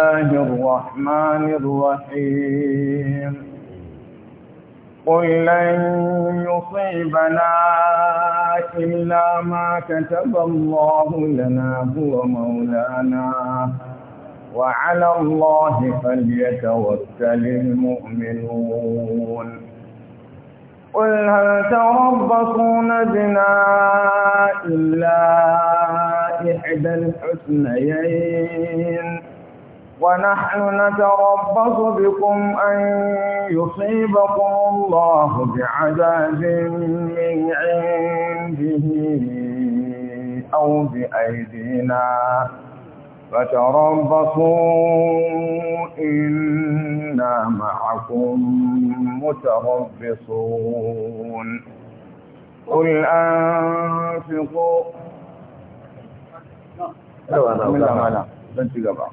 الله الرحمن الرحيم قل لن يصيبنا إلا ما كتب الله لنا هو مولانا وعلى الله فليتوكل المؤمنون قل هل تربصون بنا إلا إحدى الحسنيين ونحن نتربص بكم أن يصيبكم الله بعذاب من عنده أو بأيدينا فتربصوا إنا معكم متربصون قل أنفقوا لا لا لا لا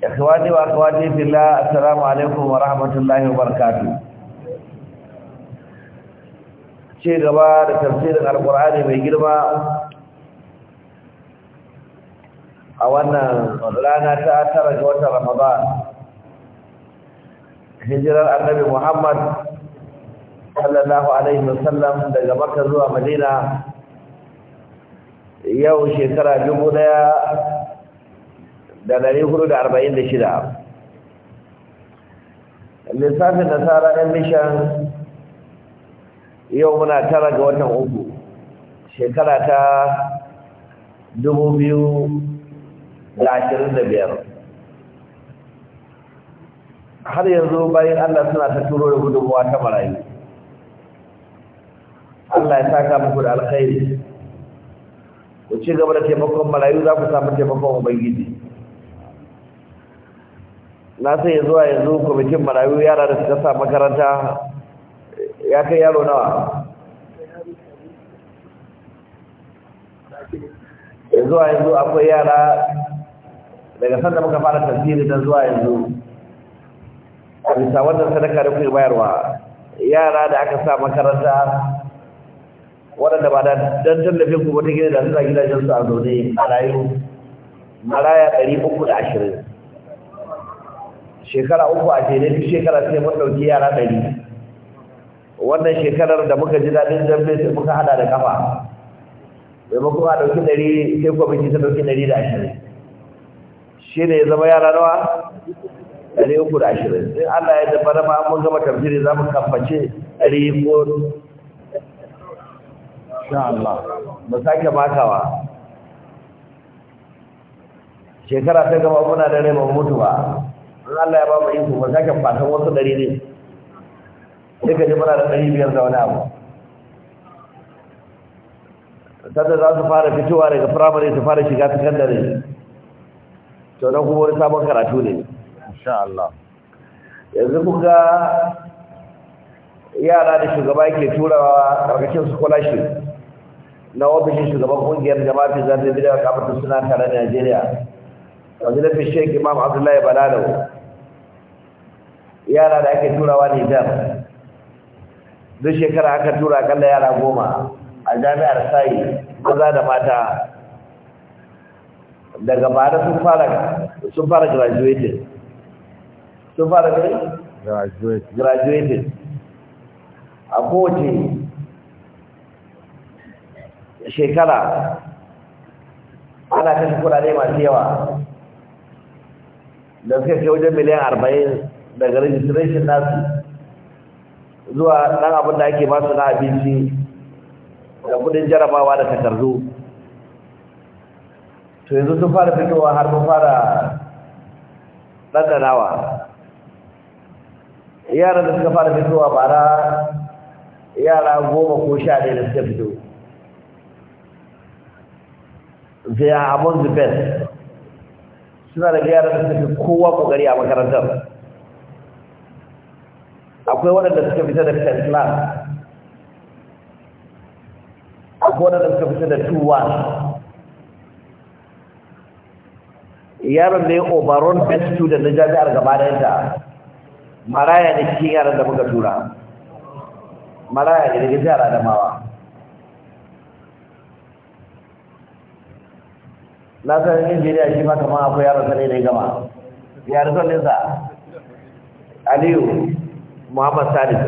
ikhwani wa akhwati fillah assalamu alaikum wa rahmatullahi wa barakatuh ce gaba da tafsirin alqur'ani mai girma a wannan rana ta tara ga wata ramadan hijirar annabi muhammad sallallahu alaihi wa sallam, daga makka zuwa madina yau shekara dubu ɗaya. da ɗari hudu da arba'in da shida lissafin nasara ɗan mishan yau muna tara ga watan uku shekara ta dubu biyu da ashirin da biyar har yanzu bayan allah suna ta turo da gudunmuwa ta marayu allah ya saka muku da alkhairi ku ci gaba da taimakon marayu za ku samu taimakon ubangiji na sai ya zuwa yanzu kwamitin marayu yara da suka sa makaranta ya kai yaro nawa ya zuwa yanzu akwai yara daga sanda muka fara tasiri don zuwa yanzu a bisa wannan sadaka da kuma bayarwa yara da aka sa makaranta waɗanda ba da don tallafin ku wata gida da suna gidajensu a zaune a rayu maraya ɗari uku da ashirin shekara uku a jere duk shekara sai mun ɗauki yara ɗari wannan shekarar da muka ji daɗin zambe sai muka hada da kafa maimakon a ɗauki ɗari sai kwamiti ta ɗauki ɗari da ashirin shi ne ya zama yara nawa ɗari uku da ashirin sai allah ya dafa na ma mun gama tafsiri za mu kamface ɗari ko Allah mu sake makawa shekara ta gama muna da rai ba mutu ba Allah ya ba mu iko ba za ka fatan wasu ɗari ne sai ka ji muna da ɗari biyar da wani abu sanda za su fara fitowa daga firamare su fara shiga sakandare to nan kuma wani sabon karatu ne insha Allah yanzu kun ga yara da shugaba yake turawa karkashin scholarship na ofishin shugaban kungiyar jama'a fi zan bidiyar kafin suna tare da Najeriya Wani da fi Sheikh Imam Abdullahi Balalo yara da ake turawa Nijar duk shekara aka tura kalla yara goma a jami'ar sai maza da mata daga bara sun fara sun fara graduated sun fara graduated a kowace shekara ana kashe kudade masu yawa da suka kai wajen miliyan arba'in daga registration nasu zuwa nan abin da ake basu na abinci da kudin jarabawa da takardu to yanzu sun fara fitowa har mun fara ɗanɗanawa yaran da suka fara fitowa bara yara goma ko sha ɗaya da suka fito they are among the best suna da yaran da suka fi kowa ƙoƙari a makarantar akwai waɗanda suka fita da tesla akwai waɗanda suka fita da tuwa yaron ne obaron best student na jami'ar gaba da yadda maraya ne cikin yaran da muka tura maraya ne daga jihar adamawa na sanin injiniya shi ma kama akwai yaron sa da ya gama yaron sa aliyu Muhammad Salim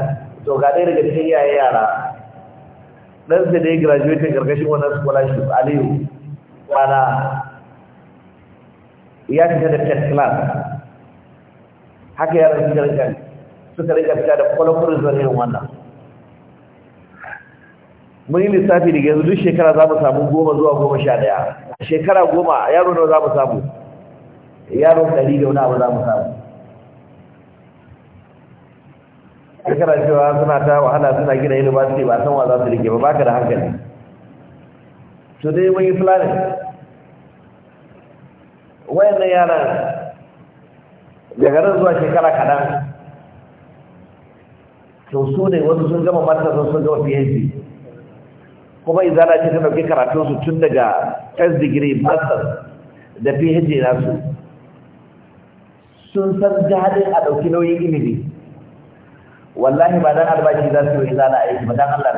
to ga dai daga cikin iyaye yara dan sai dai graduate karkashin wannan scholarship Aliyu bana ya fita da test class haka yaran suka rinka suka rinka fita da kwalakwar zanen wannan mun yi lissafi da yanzu duk shekara za mu samu goma zuwa goma sha ɗaya shekara goma yaro nawa za mu samu yaro ɗari da wani abu za mu samu ka cewa suna ta wahala suna gina university ba san wa za su rike ba baka da hankali to dai mun yi wayan wayannan yaran daga nan zuwa shekara kaɗan to su ne wasu sun gama matasan sun gama phd kuma izana ce ta ɗauki karatunsu tun daga s degree master da phd nasu sun san daɗin a ɗauki nauyin ilimi wallahi ba dan albashi za su yi zana aiki ba dan Allah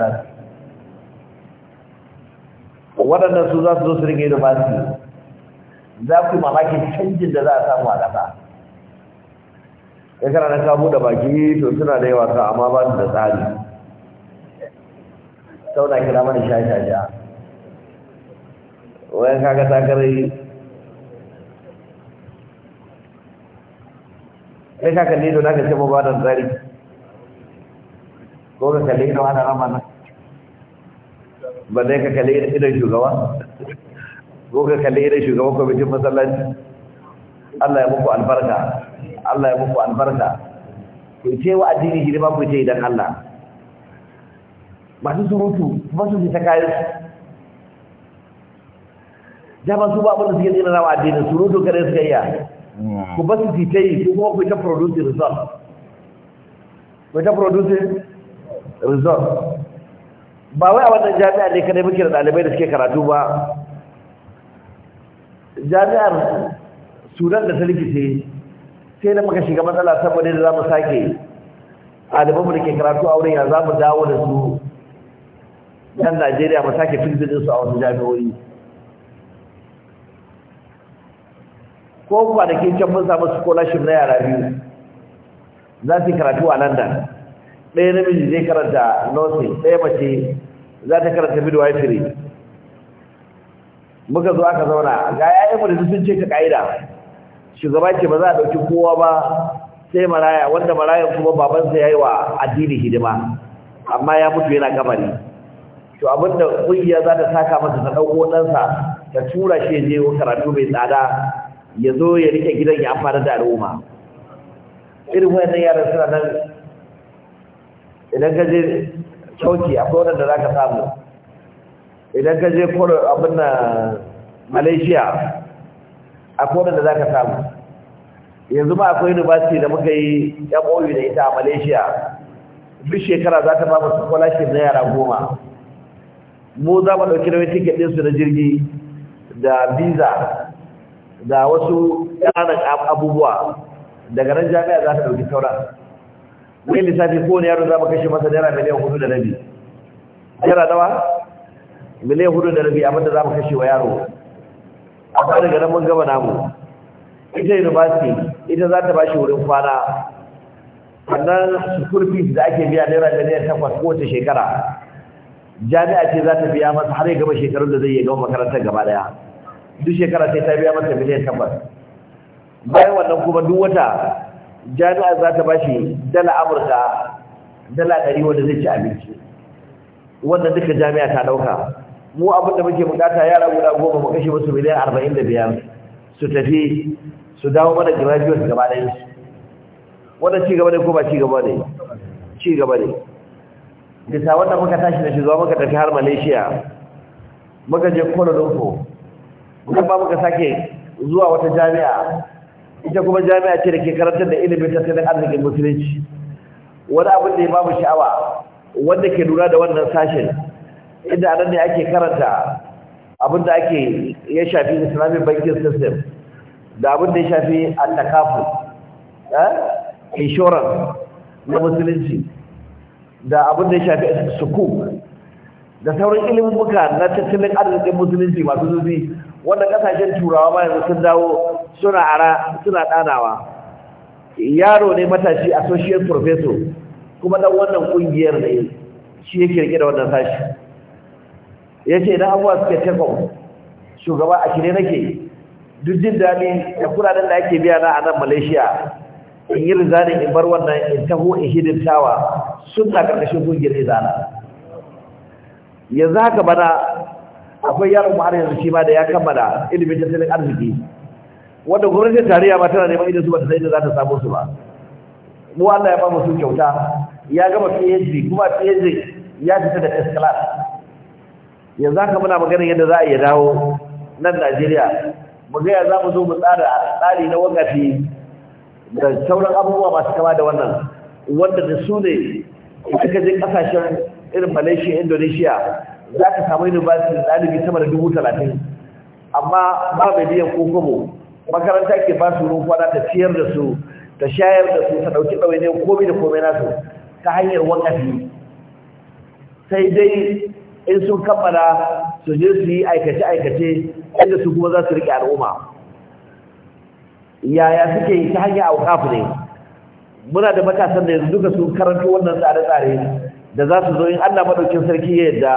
za su waɗannan su za su zo su rike da basu za ku mamakin canjin da za a samu a ƙasa ya kana na ka da baki to suna da yawa amma ba su da tsari sau na kira mana sha sha sha wayan kaga takarai kai kaka kalli don aka ce mu ba da tsari ko ka kalli ido ana rama nan ba dai ka kalli idan shugaba ko ka kalli idon shugaba bijin masallaci Allah ya muku albarka Allah ya muku albarka ku ce wa addini ba ku ce idan Allah masu surutu ba su ta kayan su da ba su ba abin da suke tsina rawa addini surutu kare kai ya ku ba su ta yi ko kuma ku ta produce result ku ta produce result ba wai a wannan jami'a ne kadai muke da ɗalibai da suke karatu ba jami'ar sunan da ta rikice sai da muka shiga matsala saboda da za mu sake ɗalibanmu da ke karatu a wurin ya za mu dawo da su yan najeriya mu sake filfilin su a wasu jami'o'i ko ke can mun samu scholarship na yara biyu za su yi karatu a london ɗaya namiji zai karanta nursing ɗaya mace za ta karanta midwifery muka zo aka zauna ga mu da sun ce ka ka'ida shugaba ce ba za a ɗauki kowa ba sai maraya wanda marayan kuma babansa ya yi wa addini hidima amma ya mutu yana kamari to abinda ƙungiya za ta saka masa ta ɗauko ɗansa ta tura shi je karatu mai tsada ya zo ya rike gidan ya amfana da al'umma irin wayannan yaran suna nan idan ka je kyauki akwai da za ka samu idan ka je kwaro abin na malaysia akwai da za ka samu yanzu ma akwai university da muka yi yan da ita a malaysia duk shekara za ta bamu scholarship na yara goma mu za mu ɗauki nauyin ticket ɗinsu na jirgi da visa da wasu ƙananan abubuwa daga nan jami'a za ta ɗauki sauran wai lissafi ko ne yaro za mu kashe masa naira miliyan hudu da rabi naira nawa miliyan hudu da rabi abinda za mu kashe wa yaro a kan daga nan mun gama namu ita university ita za ta ba shi wurin kwana sannan school fees da ake biya naira miliyan takwas kowace shekara jami'a ce za ta biya masa har ya gama shekarun da zai yi gama makarantar gaba daya duk shekara sai ta biya masa miliyan takwas bayan wannan kuma duk wata jami'a za ta bashi dala amurka dala ɗari wanda zai ci abinci wannan duka jami'a ta ɗauka mu abinda muke bukata yara guda goma mu kashe musu miliyan arba'in da biyar su tafi su dawo mana graduate gaba ɗayan su wannan ci gaba ne ko ba ci gaba ne ci gaba ne bisa wanda muka tashi da shi zuwa muka tafi har malaysia muka je kuala lumpur muka ba muka sake zuwa wata jami'a ita kuma jami'a ce da ke karantar da ilimin tattalin arzikin musulunci wani abin da ya babu sha'awa wanda ke lura da wannan sashen inda anan ne ake karanta abin da ake ya shafi islamic banking system da abin da ya shafi attakafu eh, insurance na musulunci da abin da ya shafi suku da sauran ilimin muka na tattalin arzikin musulunci masu zuzi wanda kasashen turawa ba yanzu sun dawo suna ara suna danawa yaro ne matashi associate professor kuma dan wannan kungiyar ne shi yake rike da wannan sashi yace idan abuwa suke take shugaba a kire nake duk jin daɗi da kudaden da ake biya na a nan malaysia in yi rizanin in bar wannan in taho in hidintawa sun na ƙarƙashin kungiyar izana yanzu haka bana akwai yaron mu har yanzu shi ma da ya kammala ilimin tattalin arziki wanda gwamnatin tarayya ba tana neman idan su ba ta sai da za ta samu su ba mu Allah ya ba mu su kyauta ya gama PhD kuma PhD ya fita da first class yanzu haka muna magana yadda za a iya dawo nan Najeriya mu ga ya za mu zo mu tsara tsari na wakati da sauran abubuwa masu kama da wannan wanda da su ne suka je kasashen irin Malaysia Indonesia za ka samu university ɗalibi sama da dubu talatin amma ba mai biyan ko kobo makaranta ke ba su kwana ta ciyar da su ta shayar da su ta ɗauki ɗauki ne komai da komai nasu ta hanyar wakafi sai dai in sun kammala su je su yi aikace-aikace inda su kuma za su riƙe al'umma yaya suke yi ta hanyar aukafu ne muna da matasan da yanzu duka su karanta wannan tsare-tsare da za su zo in allah maɗaukin sarki ya yadda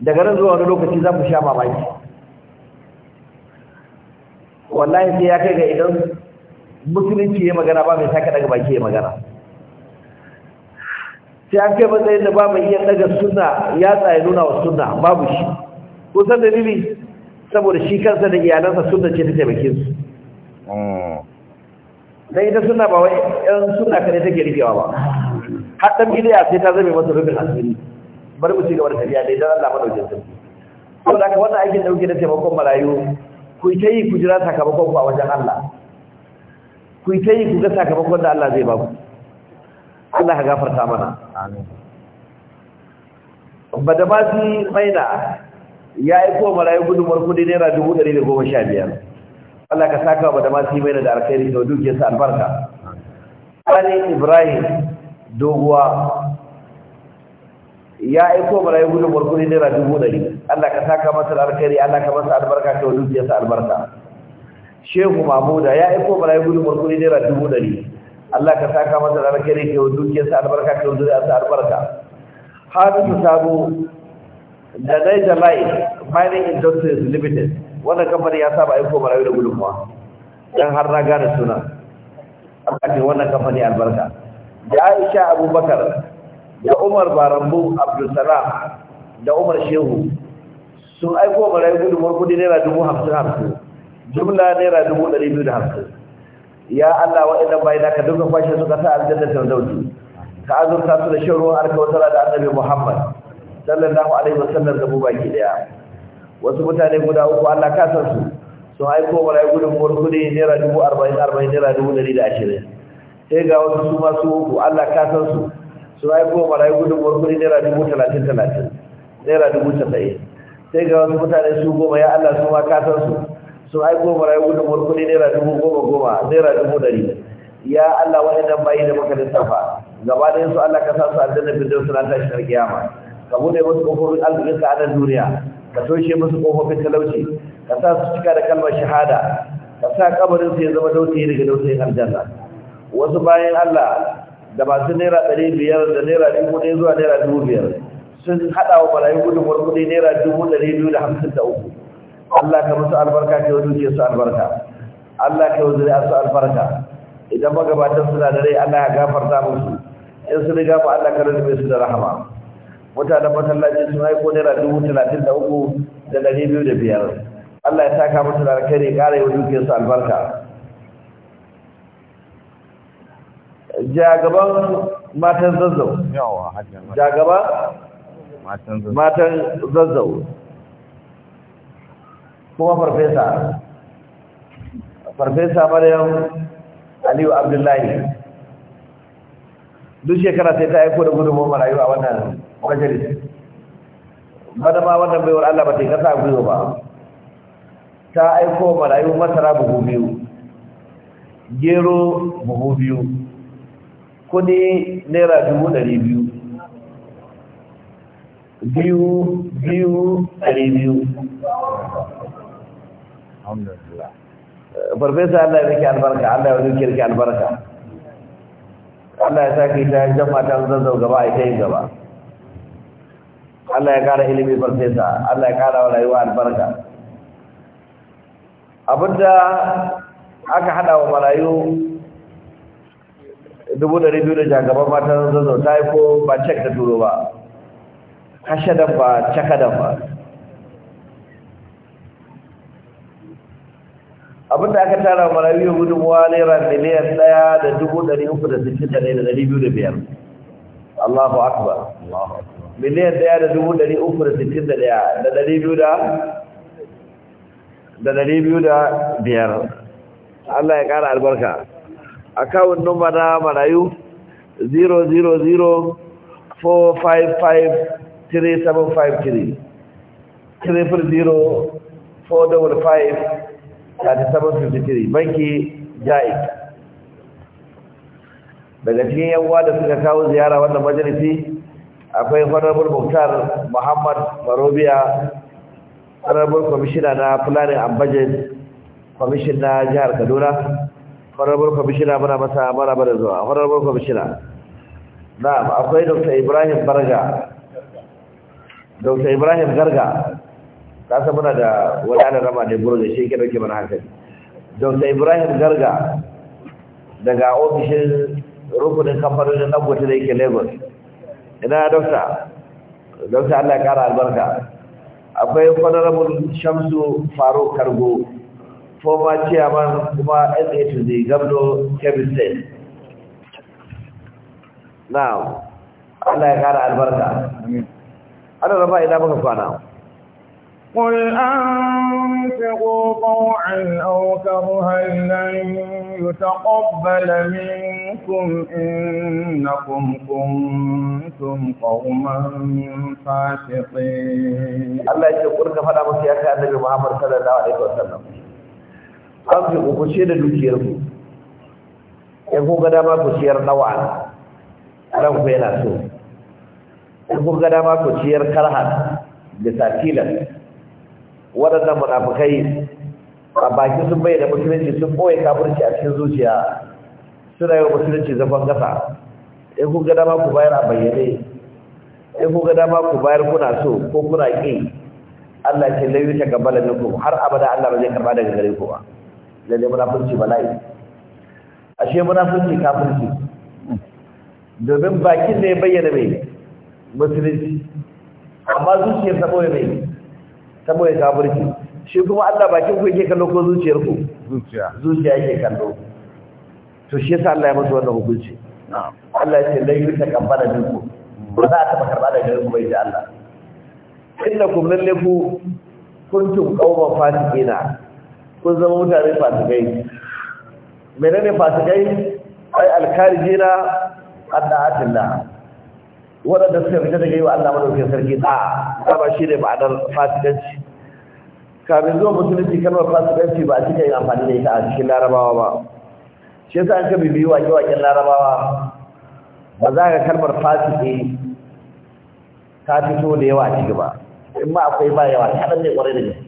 daga nan zuwa wani lokaci za ku sha mamaki wallahi sai ya kai ga idan musulunci ya magana ba mai sake daga baki ya magana sai an kai matsayin da ba mai iya daga suna ya tsaye nuna wa suna babu shi kusan dalili saboda shi kansa da iyalansa suna ce ta taimake su hmm. dan ita suna ba wai yan suna kare take rikewa ba har dan bidiya sai ta zame masa rufin asiri bari mu ci gaba da tafiya dai dan Allah madaukin sarki saboda haka wannan aikin dauke da taimakon marayu ku ta yi ku jira sakamakon ku a wajen Allah ku ta yi ku ga sakamakon da Allah zai ba ku Allah ka gafarta mana amin badamasi maina ya aiko marayu gudunmuwar kudi naira dubu ɗari da goma sha biyar Allah ka saka wa badamasi maina da alkhairi da dukiyarsa albarka Sani Ibrahim doguwa ya aiko mara gudun barkuni naira dubu ɗari allah ka saka masa alkhairi allah ka masa albarka ta wa sa albarka shehu mamuda ya aiko mara gudun barkuni naira dubu ɗari allah ka saka masa alkhairi ta wa dukiyarsa albarka ta wa sa albarka hadisu sabu da naija line mining industries limited wannan kamfani ya saba aiko mara da gudun ma. Dan har na gane suna allah ce wannan kamfani albarka da aisha abubakar da umar barambu abdulsalam da umar shehu sun aiko barai gudunmar kudi naira dubu hamsin hamsin jumla naira dubu ɗari biyu da hamsin ya allah waɗannan bayan da ka duka kwashe suka sa aljanna firdausi ka azurta su da shan ruwan alkawatar da annabi muhammad sallallahu alaihi wasallam da mu baki daya wasu mutane guda uku allah ka san su sun aiko marayu gudunmar kudi naira dubu arba'in arba'in naira dubu ɗari da ashirin sai ga wasu su masu uku allah ka san su su ai kuma marayu gudun murkuri naira dubu talatin talatin naira dubu casa'in sai ga wasu mutane su goma ya allah su ma kasan su su ai kuma marayu gudun murkuri naira dubu goma goma naira dubu ɗari ya allah waɗannan bayi da muka lissafa gaba da su allah ka sa su aljanna bidon su ran tashi kiyama ka buɗe musu ƙofofin arzikinka a nan duniya ka toshe musu ƙofofin talauci ka sa su cika da kalmar shahada ka sa kabarin su ya zama dautayi daga dautayin aljanna wasu bayan allah da masu naira ɗari biyar da naira dubu ɗaya zuwa naira dubu biyar sun haɗa wa malayin gudun kuɗi naira dubu ɗari biyu da hamsin da uku Allah ka musu albarka ka yi dukiyar su albarka Allah ka yi a su albarka idan magabatan suna da rai Allah ya gafarta musu in su riga ba Allah ka rufe su da rahama mutanen masallaci sun haiko naira dubu talatin da uku da ɗari biyu da biyar Allah ya saka musu da alkhairi ƙara yi wa dukiyar su albarka jagaban matan zazzau jagaba matan zazzau kuma farfesa farfesa maryam aliyu abdullahi duk shekara sai ta aiko da gudunmu marayu a wannan majalis bada ma wannan baiwar allah ba ta yi kasa guzo ba ta aiko marayu masara buhu biyu gero buhu biyu kudi naira dubu ɗari biyu biyu biyu ɗari biyu eh, farfesa Allah ya rike albarka Allah ya rike rike albarka Allah ya sake ta jama'a ta zazzau gaba a ita yin gaba Allah ya kara ilimi farfesa Allah ya kara wa rayuwa albarka abinda aka hada wa marayu dubu ɗari biyu da jagaban matan zazzau ta yi ko ba cek ta turo ba hashadan ba cakadan ba da aka tara marayu gudunmuwa naira miliyan ɗaya da dubu ɗari uku da sittin da ɗaya da ɗari biyu da biyar Allahu akbar miliyan ɗaya da dubu ɗari uku da sittin da ɗaya da ɗari biyu da da ɗari biyu da biyar Allah ya ƙara albarka akawun nomba na marayu 000455-3753-0455-3753 banki jaik daga cikin yawwa da suka kawo ziyara wannan majalisi akwai honorable muktar muhammad marobiya honorable commissioner na planning and budget commission na jihar kaduna farabar kwamishina muna masa maraba da zuwa farabar kwamishina na akwai dr ibrahim barga dr ibrahim garga ta san muna da wadanda rama ne buru da shi ke dauke mana hankali dr ibrahim garga daga ofishin rukunin kamfanin na gwata da yake lagos ina dokta dokta allah ya kara albarka akwai kwanarabun shamsu faruk kargo former chairman kuma SA to the governor Kebbi State. Now, Allah ya kara albarka. Ana raba ina muka kwana. Qul anfiqu qaw'an aw karhan lan yutaqabbala minkum innakum kuntum qauman fasiqin. Allah ya ce kurka fada musu ya kai Annabi Muhammad sallallahu alaihi wasallam. an ku ce da dukiyar ku in ku ga dama ku ciyar dawa ran ku yana so in ku ga dama ku ciyar karhan da tatilan waɗannan munafukai a baki sun bayyana musulunci sun ɓoye kafirci a cikin zuciya suna yi musulunci zafon gasa in ku ga dama ku bayar a bayyane in ku ga dama ku bayar kuna so ko kuna ƙi Allah ce lauyi ta gabala har abada Allah ba zai karba daga gare ku ba lalle munafurci bala'i ashe munafurci kafirci domin bakin da ya bayyana mai musulunci amma zuciyar ta mai ta ka kafirci shi kuma Allah bakin ku yake kallo ko zuciyar ku zuciya zuciya yake kallo to shi yasa Allah ya musu wannan hukunci Allah ya ce lai yuta min ku ba za a taba karba da gare ku bai da Allah innakum lalle ku kuntum qauman fasikina kun zama mutane fasikai ne fasikai ai alkarijina adda'atillah waɗanda suka fita daga yi wa Allah madaukin sarki da ba shi ne ma'anar fasikanci kamin zuwa musulunci kalmar fasikanci ba a cika yin amfani da ita a cikin larabawa ba shi yasa an ka bibiyi wake-waken larabawa ba za ka kalmar fasike ta fito da yawa a ciki ba in ma akwai ba yawa ta ɗan ne ƙwarai da gaske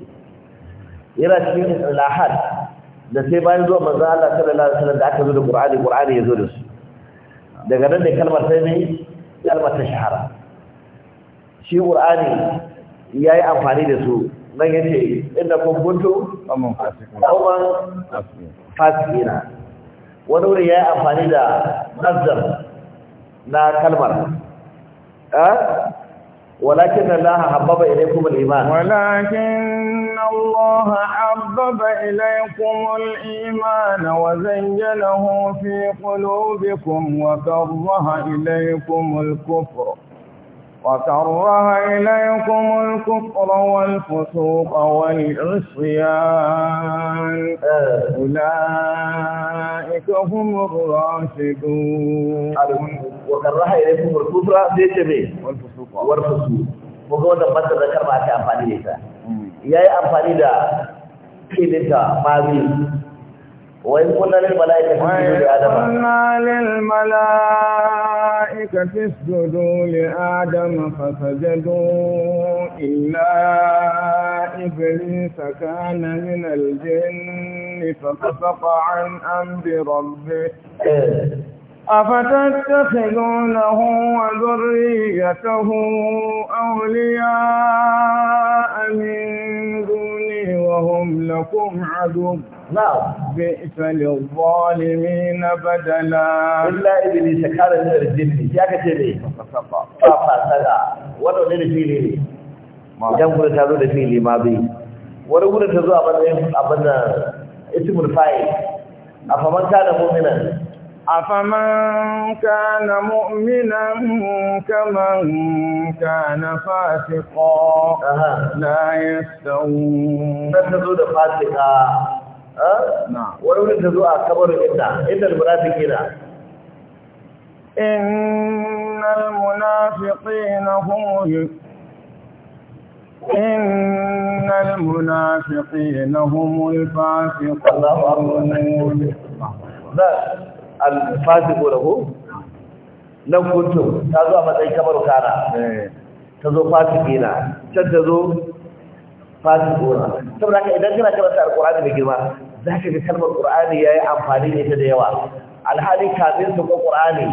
yana cikin islahat da sai bayan zuwa manzo Allah sallallahu alaihi wasallam da aka zo da Qur'ani Qur'ani ya zo da su daga nan ne kalmar sai ne kalmar ta shahara shi Qur'ani yayi amfani da su dan yace inna kun kuntu amman fasiqun amman fasiqina wani wuri yayi amfani da nazar na kalmar eh walakin Allah habbaba ilaykum al-iman walakin الله حبب إليكم الإيمان وزينه في قلوبكم وكره إليكم الكفر وكره إليكم الكفر والفسوق والعصيان أولئك هم الراشدون وكره إليكم الكفر والفسوق والفسوق وكما تبدأ ذكر ما كان فعليه ya yi amfani da ƙilinta mari wai kunanin mala'ikafi sojo le adama fasaje don ila ibiri tsakanin min aljihin nifafafa an an أفتتخذونه وذريته أولياء من دوني وهم لكم عدو نعم بئس للظالمين بدلا إلا إبليس كان من الجن يا كتبي ففسد ولو لن فيلي لي kuma ta zo da fili ma bai wani gudun ta zo a matsayin abin da ismul fa'il أفمن كان مؤمنا كمن كان فاسقا لا يستوون تتزود فاسقا أه؟ نعم ولو أكبر آه، كبر إلا المراد المنافقين إن المنافقين هم إن المنافقين هم الفاسقون الله أكبر نعم. alfasiqu lahu lan kuntu ta zo a matsayin kamar kana ta zo fasiqina can ta zo fasiquna saboda haka idan kana karanta alkur'ani mai girma za ka ga kalmar qur'ani yi amfani ne ta da yawa alhali kafin su ko qur'ani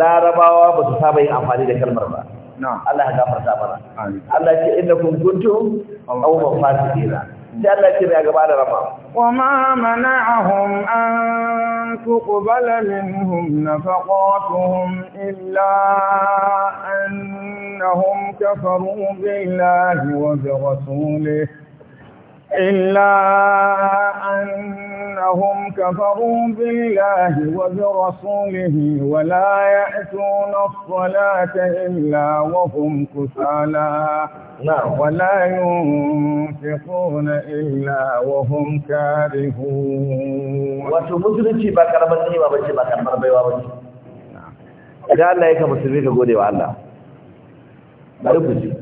larabawa ba su saba yin amfani da kalmar ba Allah ya gafarta mana Allah ya ce innakum kuntum aw fasiqina sai Allah ce mai gaba da rama wa ma ahun an tuqbala minhum faƙotun illa an annahum kafaru billahi wa bi rasulihi illa an أنهم كفروا بالله وبرسوله ولا يأتون الصلاة إلا وهم كسالا ولا ينفقون إلا وهم كارهون وتمسلتي بكرمتني وبجي بكرمتني وبجي idan Allah ya ka musulmi ka gode wa Allah bari ku ji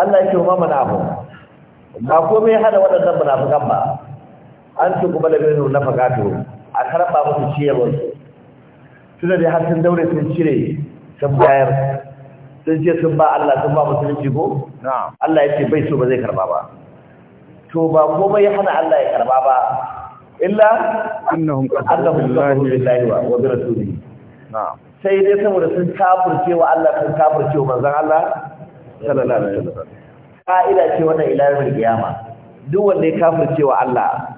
الله ya ce wa mana abu ba komai hada waɗannan munafikan ba an su kuma da birnin na fagato a karɓa musu su tuna da har daure sun cire sun bayar sun ce sun ba Allah sun ba musulunci ko Allah ya ce bai so ba zai karɓa ba to ba ko bai hana Allah ya karɓa ba illa annahum qadallahu billahi wa bi rasulihi sai dai saboda sun kafirce wa Allah sun kafirce wa manzon Allah sallallahu alaihi wasallam ila ce wannan ilahi mai kiyama duk wanda ya kafirce wa Allah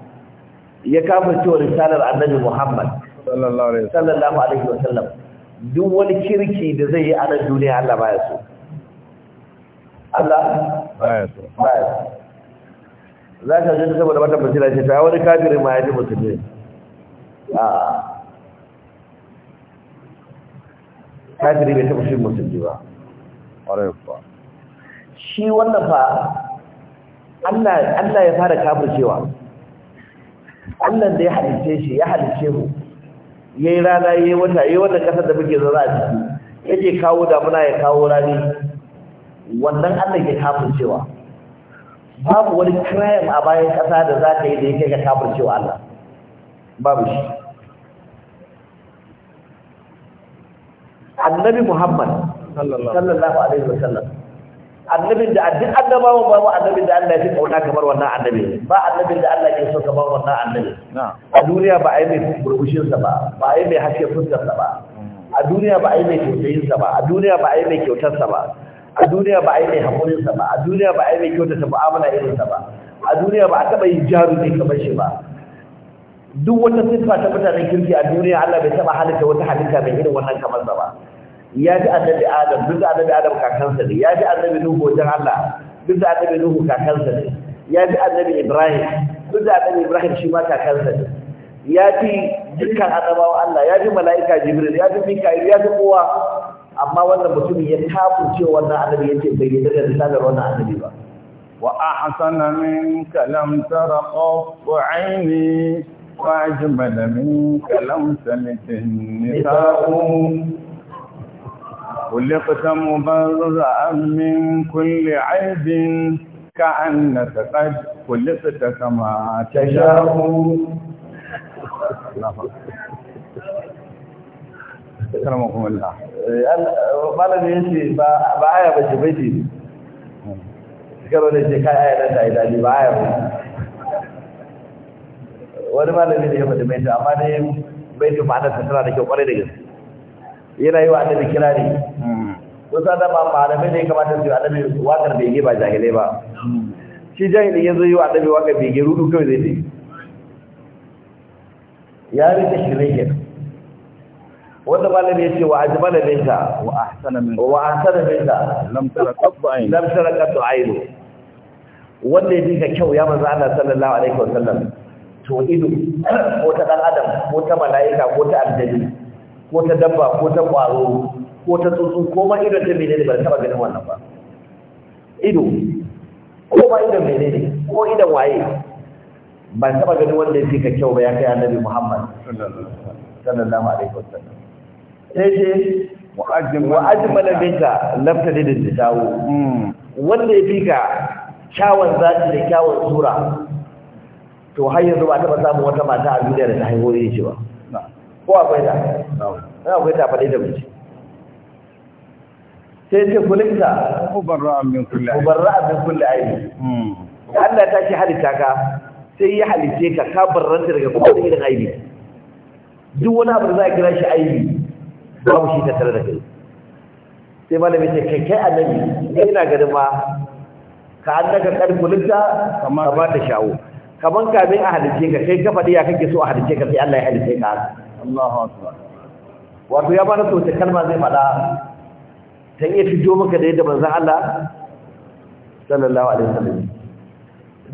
ya kafirce cewa risalar annabi Muhammad sallallahu alaihi wasallam duk wani kirki da zai yi a nan duniya Allah baya so Allah baya so baya so za ka jin saboda mata basira ce ta wani kafirin ma ya ji ne a kafiri bai taɓa shi musulmi ba shi wannan fa Allah ya fara kafircewa cewa Allah da ya halice shi ya halice mu yi rana yi wata yi wannan kasar da muke zaura a ciki yake kawo damuna ya kawo rani wannan Allah ke kafin cewa babu wani crime a bayan kasa da za ka yi da yake ga kafin cewa Allah babu shi annabi Muhammad sallallahu alaihi wasallam annabin da annabawa ba mu annabin da Allah ya fi kauna kamar wannan annabi ba annabin da Allah ya so kamar wannan annabi a duniya ba a yi mai burbushin sa ba ba a yi mai hasken fuskar sa ba a duniya ba a yi mai tausayin sa ba a duniya ba a yi mai kyautar sa ba a duniya ba a yi mai hakurin sa ba a duniya ba a yi mai kyautata mu'amala irin sa ba a duniya ba a taba yin jarumi kamar shi ba duk wata sifa ta mutanen kirki a duniya Allah bai taba halitta wata halitta mai irin wannan kamar sa ba ya ji annabi adam duk da annabi adam kakansa ne ya ji annabi nuhu wajen Allah duk da annabi nuhu kakansa ne ya ji annabi ibrahim duk da annabi ibrahim shi ma kakansa ne ya ji dukkan annabawa Allah ya ji mala'ika jibril ya ji mika'il ya ji kowa amma wannan mutumin ya cewa wannan annabi yace bai yadda da risalar wannan annabi ba Wa min kalam لم تر aini wa ajmal min kalam sanatin النساء خلقت مبرزا من كل عيب كأنك قد خلقت كما تشاء karmakon Allah. Malami ya ce ba aya ba ce baiti ne. da ce kai aya ta yi ba aya ba. Wani malami ne ya faɗi baiti amma baiti ma'anar da kyau kwarai da gaske. yana yi wa annabi kirari hmm. ko sa da ba malamai ne kamata su annabi wakar bege ba jahilai ba shi jahilin yanzu yi wa annabi wakar bege rudu kawai zai ne ya rike shirike wanda malami yace wa ajmala minka wa ahsana minka wa a sanar lam ta qattu ayn lam wanda ya ka kyau ya manzo Allah sallallahu alaihi sallar, to ido ko ta dan adam ko ta malaika ko ta aljanni ko ta dabba ko ta ƙwaro ko ta tsuntsu ko ma irin ta menene ba taɓa ganin wannan ba ido ko ma idan menene ko idan waye ban taɓa ganin wanda ya fi ka kyau ba ya kai annabi Muhammad sallallahu alaihi wasallam sai ce wa ajmala minka laftali da tawo hmm. wanda ya fi ka kyawun zaki da kyawun sura to har yanzu ba taɓa samun wata mata a duniya da ta haihuwa ne ce ba ko akwai da na akwai ta faɗi da mace sai ce kulinta mubarra abin kulle aini hmm. da Allah ta ce halitta ka sai ya halitta ka ka barranta daga kowace irin aibi duk wani abu za a kira shi aibi mu shi tattara da kai sai malami da kai kai annabi ina ganin ma ka an daga karkulinta kamar ta shawo kaman kamin a halice ka kai kafa faɗi ya kake so a halice ka sai Allah ya halice ka Allahu akbar wato ya bada to kalma zai fada dan ya fito maka da yadda manzon Allah sallallahu alaihi wasallam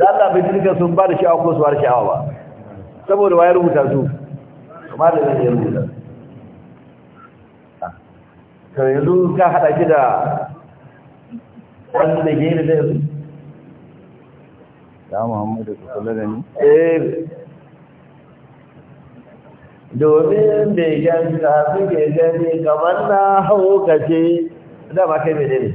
da Allah bai dinka sun ba da sha'awa ko su war sha'awa ba saboda wayar rubuta su kuma da zai rubuta to yanzu ka hada ki da wannan da gani da yanzu ya Muhammadu sallallahu alaihi wasallam eh domin bai ganta suke gani kamar na kashe da ba kai mene ne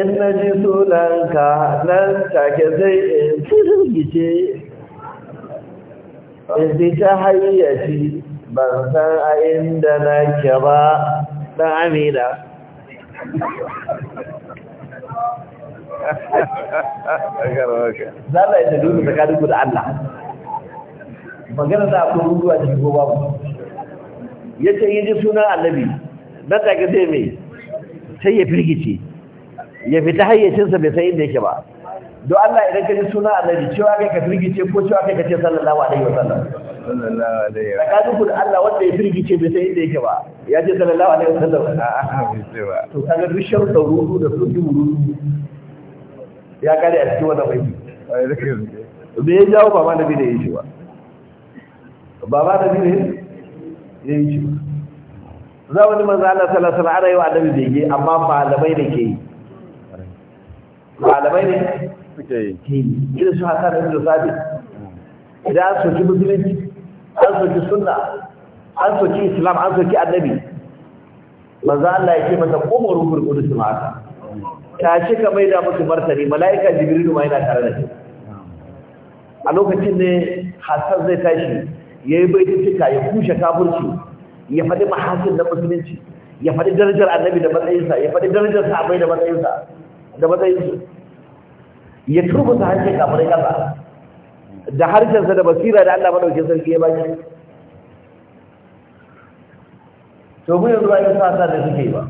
in na ji sunanka nan take zai in firgice in fi ta hayyaci ban san a inda na ke ba ɗan amina za la yi dalilu tsakanin da Allah magana da akwai ruruwa da shigo babu ya ce yi ji sunan annabi na take zai mai sai ya firgice ya fita hayyacinsa bai san inda yake ba don Allah idan ka ji sunan annabi cewa kai ka firgice ko cewa kai ka ce sallallahu alaihi wasallam sallallahu alaihi wasallam tsakanin da Allah wanda ya firgice bai san inda yake ba ya ce sallallahu alaihi wasallam a'a bai ce ba to kaga duk sharuɗin ruhu da soki ruhu ya kare a cikin wannan aiki me ya jawo baba nabi da ya yi shi ba baba nabi ne ya yi shi ba za wani manzo Allah sallallahu alaihi wasallam ana yi wa annabi bege amma malamai ne ke yi malamai ne suke yi ke yi irin su haka da sabi idan an soki musulunci an soki sunna an soki islam an soki annabi manzo Allah ya ce masa qumuru bil qudus ma'aka tashi ka mai da musu martani mala'ika jibrilu ma yana tare da shi a lokacin ne hassan zai tashi ya yi tuka ya kushe kafirci ya faɗi mahasin na musulunci ya faɗi darajar annabi da matsayinsa ya faɗi darajar sahabbai da matsayinsa da matsayinsu ya turba ta harshe kafirai ƙasa da harshensa da basira da Allah madaukin sarki ya baki to mu yanzu ba yin sa da suke ba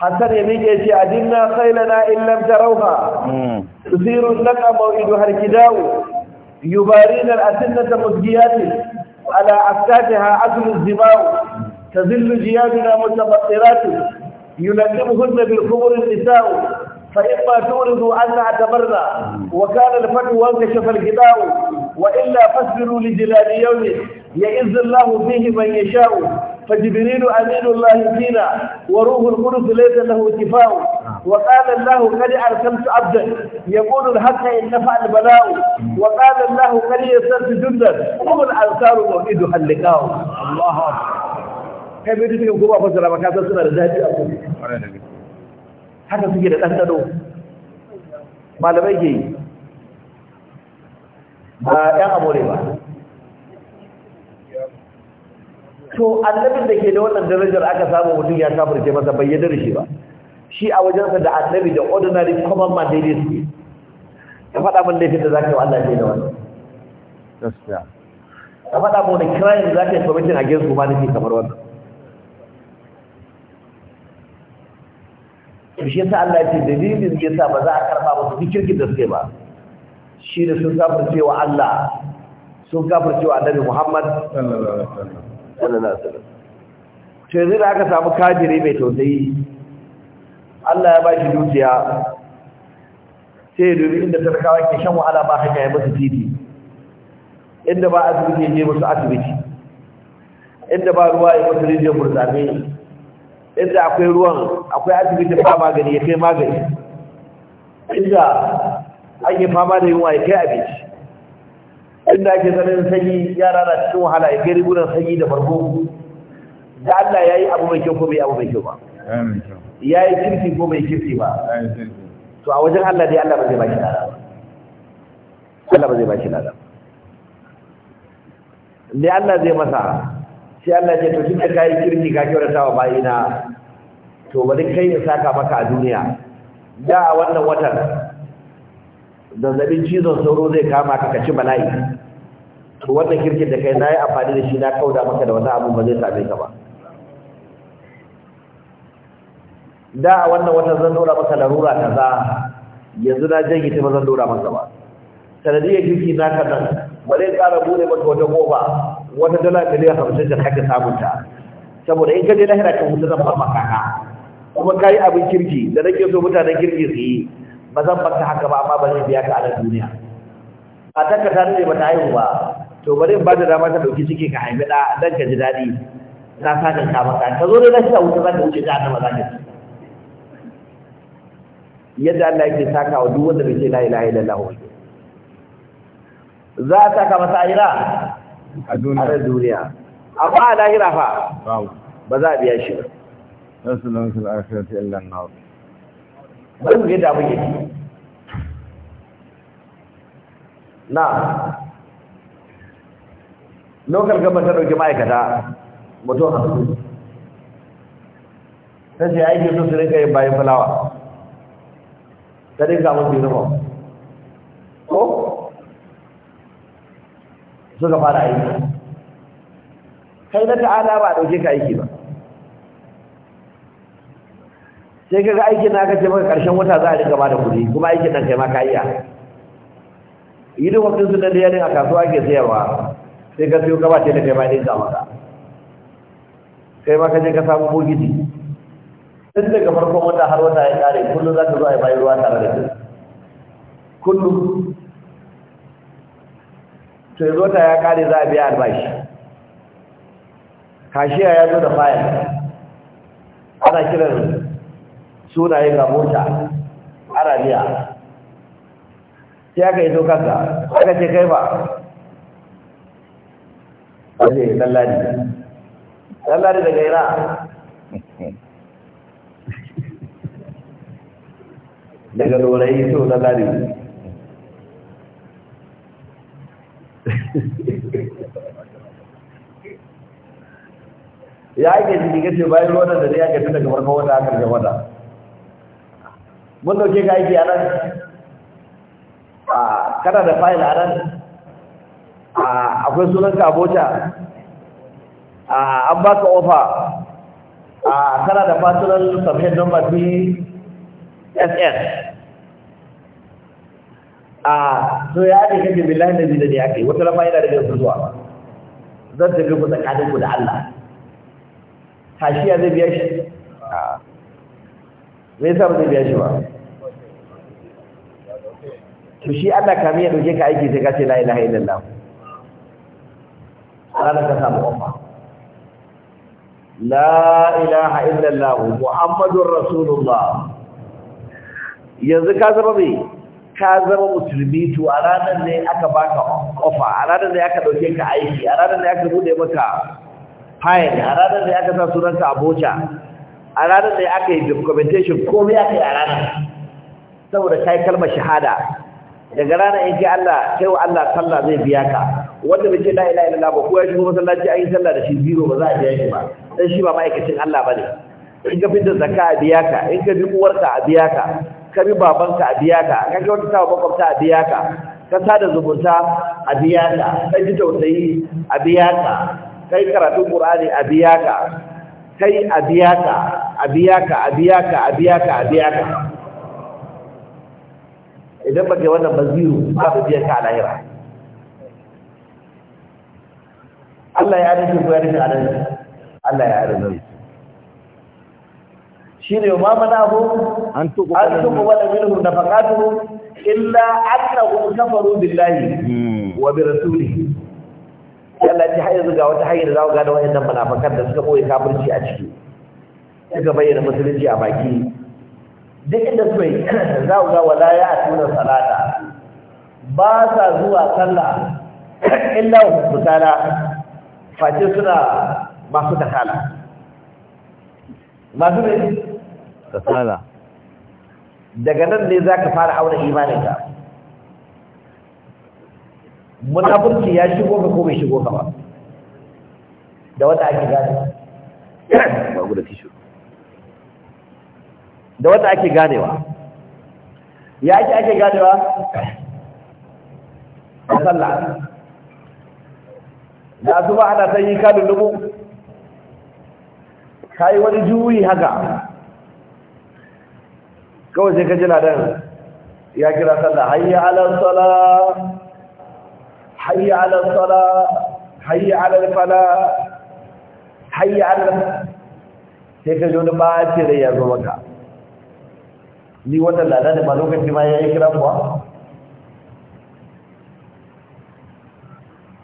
حسن يميك يجي أدلنا خيلنا إن لم تروها تثير لك موئدها الكداو يبارين الأسنة مزجيات على أفكاتها عدل الزماء تذل جيادنا متبطرات يلزمهن بالخبر النساء فإما تورد أن اعتبرنا وكان الفتو وانكشف الغطاء وإلا فاسبروا لجلال يوم يئذ الله فيه من يشاء فجبريل أمين الله فينا وروح القدس ليس له اتفاء وقال الله قد أرسلت عبدا يقول الحق إن نفع البلاء وقال الله قد يسرت جندا هم الأنصار موعدها حلقاء الله كيف يجب أن يكون أفضل فسر مكاسة سنة لذات أقول حتى suke أن ɗanɗano ما لم يجي ما ‘yan amore ba to annabin da ke da wannan darajar aka samu mutum ya kafirce masa bai yadda da shi ba shi a wajensa da annabi da ordinary common man daidai su ka faɗa mun laifin da za ka yi wa Allah da wannan gaskiya ka faɗa mun crime da za ka yi kwamitin a gensu kamar wannan shi yasa Allah ya ce dalilin da yasa ba za a karba musu dukkan da suke ba shi ne sun kafirce wa Allah sun kafirce wa Annabi Muhammad sallallahu alaihi wasallam sallallahu alaihi wasallam yanzu da aka samu kajiri mai tausayi Allah ya bashi dukiya sai dubi inda talakawa ke shan wahala ba hanya ya musu titi inda ba asibiti ya je masu asibiti inda ba ruwa ya musu rijiyar burtsame inda akwai ruwan akwai asibitin ba magani ya kai magani inda an yi fama da yunwa ya kai abinci inda ake tsananin sanyi yara na cikin wahala ya gari rigunan sanyi da farko da Allah ya yi abu mai kyau ko bai abu mai kyau ba ya yi kirki ko bai kirki ba to a wajen Allah dai Allah ba zai ba shi lada Allah ba zai ba shi lada dai Allah zai masa sai Allah ya to tunda kai kirki ka kyautata wa bayina to bari kai ya saka maka a duniya da wannan watan zazzabin cizon sauro zai kama ka kaci bala'i to wannan kirkin da kai na yi amfani da shi na kauda maka da wani abu ba zai same ka ba da a wannan wata zan dora maka larura ta za, yanzu na janye ta zan dora maka ba sanadiyar kirki na ka nan ba zai ƙara bude maka wata kofa wata dala miliyan hamsin da kake samunta saboda in ka je lahira kan mutu zan ba maka ka kuma ka yi abin kirki da nake so mutanen kirki su yi ba zan baka haka ba amma bari zan biya ka a duniya a taka ta ne ba ta haihu ba to bari in ba da dama ta dauki ciki ka haifi da dan ka ji daɗi na sakan ka maka ka zo dai na shi a wuce za ka wuce da ba za ka ci yadda Allah yake saka wa duk wanda bai ce la ilaha illallah wa za ta ka masa aira a duniya A Duniya. amma a lahira fa ba za a biya shi ba. Nasu lamsul akhirati illa bari mu je abin yake na lokal gaba ta dauki ma'aikata mutum hamsin ta ce aiki su su rinka yin bayan fulawa ta rinka mun uniform ko suka fara aiki kai na ta'ala ba a ɗauke ka aiki ba sai kaga aikin da aka ce maka karshen wata za a rika ba da kuɗi kuma aikin nan kai ma ka iya yi duk wakil sun da yarin a kasuwa ke sayarwa sai ka siyo gaba ce da kai ma ɗin maka kai ma ka je ka samu bogiti tun daga farkon wata har wata ya kare kullum za ka zo a yi bayan ruwa tare da kai kullum to yanzu wata ya kare za a biya albashi kashiya ya zo da fayil ana kiran sunayen ga arabiya sai aka yi kanka aka ce kai ba wace lallari lallari daga ira daga lorayi to lallari ya ake jini kace bayan wadanda ne ya gafi daga farko wata a karshen wata mun dauke ka aiki a nan kana da fayil a nan akwai sunanka abota an ba ka ofa kana da personal subhead number ss a So ya ake kake billahi da zida ya kai, wata lafa yana da yanzu zuwa zan tafi ku tsakaninku da Allah kashiya zai biya shi me yasa ba zai biya shi ba to shi Allah ka ya dauke ka aiki sai ka ce la ilaha illallah Allah ka samu umma la ilaha illallah muhammadur rasulullah yanzu ka zama mai ka zama musulmi to a ranar ne aka baka ofa a ranar ne aka dauke ka aiki a ranar ne aka bude maka fayil a ranar ne aka sa sunanka Abuja. a ranar ne aka yi documentation komai aka yi a ranar saboda kai kalmar shahada daga rana in kai Allah kai wa Allah sallah zai biya ka wanda bai ce la ilaha illallah ba ko ya shigo masallaci an yi sallah da shi biro ba za a biya shi ba dan shi ba ma'aikacin Allah bane in ka fitar zakka a biya ka in ka bi uwarka a biya ka ka bi baban ka a biya ka ka ga wata sawa makwabta a biya ka ka sada zumunta a biya ka kai ji tausayi a biya ka kai karatun qur'ani a biya ka kai a biya ka a biya ka a biya ka a biya ka a biya ka idan ba kai wannan baziru ba ka biya ka a lahira Allah ya rufe ko ya rufe anan Allah ya rufe shi ne ma mana ko? an tuku wala minhu nafaqatuhu illa annahum kafaru billahi hmm. wa bi rasulihi Allah ji hayar ga wata hanyar da ga da wayannan munafikan da suka koyi kafirci a ciki suka bayyana musulunci a baki duk inda suka yi za ku ga wala ya tuna salata ba sa zuwa sallah illa wa fusala face suna masu kasala masu ne kasala daga nan ne za ka fara auren imaninka munafurci ya shigo ka ko bai shigo ka ba da wata ake gani ba guda tishu da wata ake ganewa ya ake ake ganewa da sallah da ba ana ta yi kadin dubu ka yi wani juyi haka kawai sai ka jina ya kira sallah alar ala salah alar ala salah alar ala falah alar ala sai ka ji wani ɓaci da ya zo maka ni wannan lada da ba lokaci ma ya yi kira kuwa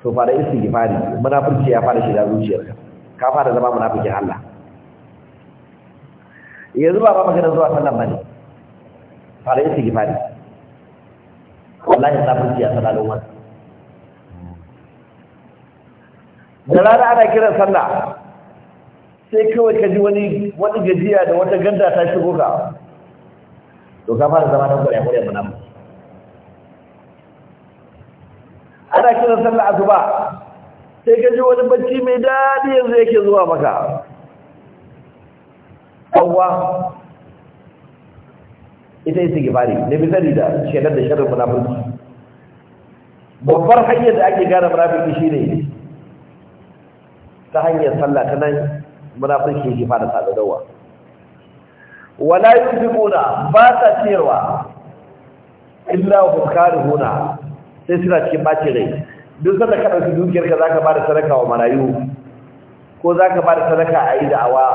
to fara fari, munafurci ya fara shiga zuciyarka ka fara zama munafikin Allah yanzu ba ba magana zuwa sallan bane fara istighfari wallahi munafurci ya tsala lowan da rana ana kiran sallah sai kawai ka ji wani wani gajiya da wata ganda ta shigo ka to ka fara zama dangwale kuriya kuriya munafi ana kiran sallah asuba sai ka ji wani bacci mai daɗi yanzu yake zuwa maka kawwa ita yi na fi misali da shekar da shirin munafurci babbar hanyar da ake gane munafurci shi ne ta hanyar sallah ta nan munafurci ke fara sadadawa wala yunfiquna ba ta cewa illa hum karihuna sai suna cikin bace rai duk sanda ka dauki dukiyar ka zaka bada sadaka wa marayu ko zaka bada sadaka a yi da'awa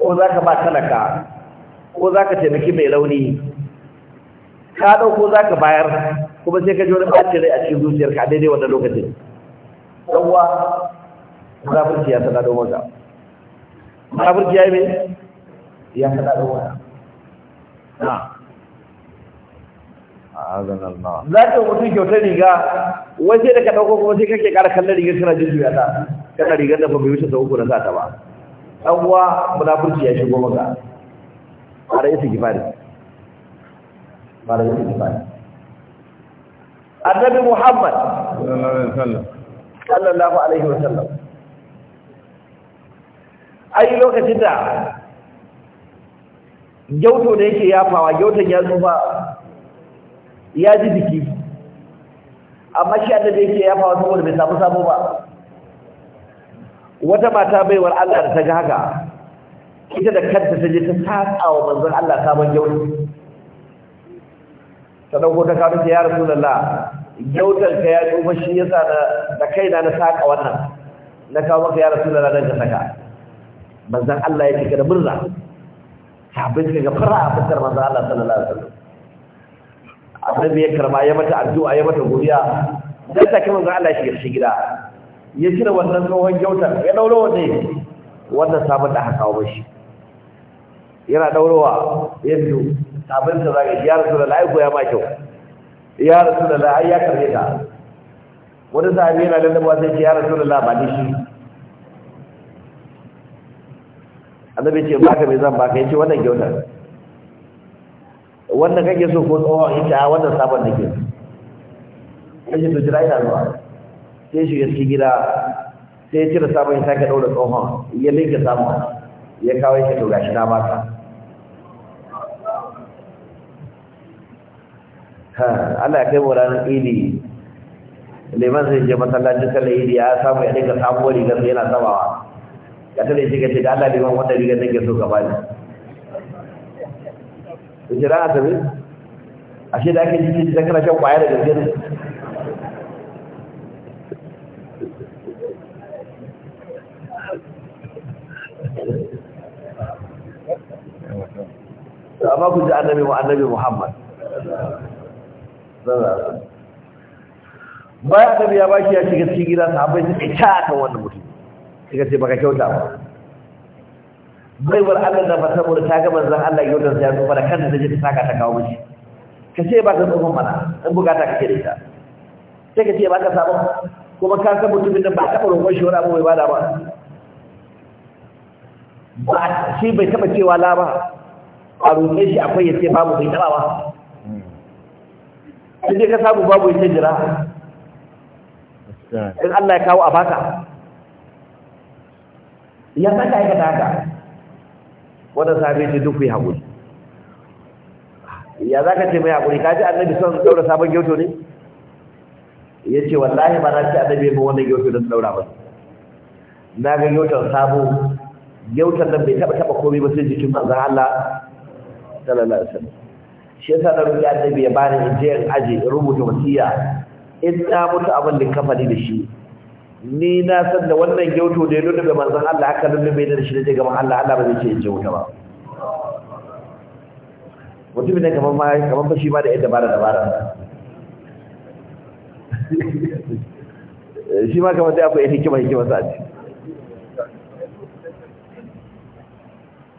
ko zaka ba talaka ko zaka taimaki mai rauni ka dauko zaka bayar kuma sai ka ji wani bace rai a cikin zuciyar ka daidai wannan lokacin dan uwa kafirci ya tada da wanda kafirci ya yi mai ya kada da na Allah za ka mutum kyautar riga wace da ka dauko kuma sai kake ƙara kallon rigar suna jin ya ta kana rigar da babu bai wuce uku na za ta ba dan uwa munafurci ya shigo maka har isa gifari mara isa gifari annabi Muhammad sallallahu alaihi wasallam ai lokacin da gyauto da yake yafawa gyautan ya tsufa ya ji jiki amma shi da yake yafawa saboda bai samu samu ba wata mata baiwar Allah da ta ga haka ita da kanta ta je ta tsatsa wa manzon Allah sabon gyauto ta dauko ta kawo ta ya rasulullah gyautar ka ya tsufa shi yasa da kaina na saka wannan na kawo maka ya rasulullah dan ka saka manzon Allah ya cika da murna sahabbai suka ga fara a fitar manzo Allah sallallahu alaihi wasallam annabi ya karba ya mata addu'a ya mata godiya dan take manzo Allah shi shi gida ya cire wannan tsohon gautar ya dauro wanne wannan sabon da aka kawo shi yana daurawa yanzu biyo sabon sa zaka ya rasulullahi da goya ma kyau ya rasulullahi ai ya karbe ta wani sahabi yana da dabuwa sai ya rasulullahi ba ni shi annabi ce baka mai zan baka yace wannan kyautar wannan kake so ko tsohon yace a wannan sabon nake yace to jira ina zuwa sai shi shiga gida sai ya cire sabon ya sake daura tsohon ya linka sabon ya kawo shi to gashi na baka ha Allah ya kai mu ranar idi liman zai je masallacin sallar idi ya samu ya dinka sabuwar rigar yana sabawa ka tare shi ka ce da Allah liman wanda riga nake so ka bani ku jira a tabi ashe da ake jiki da kana shan kwaya da gaske to amma ku ji annabi mu annabi Muhammad bayan annabi ya bashi ya shiga cikin gida sahabbai suka ci akan wannan mutum suka ce baka kyauta ba baiwar Allah da ba saboda ta ga manzon Allah kyautar sai ya da kanta da je ta saka ta kawo mishi ka ce ba ka tsohon mana in bukata ka ce da ita sai ka ce ba ka samu kuma ka san mutumin nan ba a taɓa roƙon shi ba abu mai bada ba ba shi bai taɓa cewa la ba a roƙe shi akwai ya ce babu bai taɓa ba sai dai ka samu babu ya ce jira in Allah ya kawo a baka ya san ka aikata haka wanda sami ce duk yi haƙuri ya za ka ce mai haƙuri ka ji annabi son ɗaura sabon gyauto ne ya ce wallahi ba na ce annabi ba wannan gyauto don ɗaura ba na ga gyautar sabo gyautar nan bai taɓa taɓa komai ba sai jikin manzan Allah sallallahu alaihi wasallam shi yasa na roƙi annabi ya bani in je in aje in rubuta wasiya in na mutu abin da kafani da shi ni na san da wannan gyauto da ya nuna ga manzon Allah aka nuna mai da shi da ga Allah Allah ba zai ce in je ba mutum ne kamar ma kamar fashi ba da yadda ba da dabara shi ma kamar sai akwai hikima hikima sa ce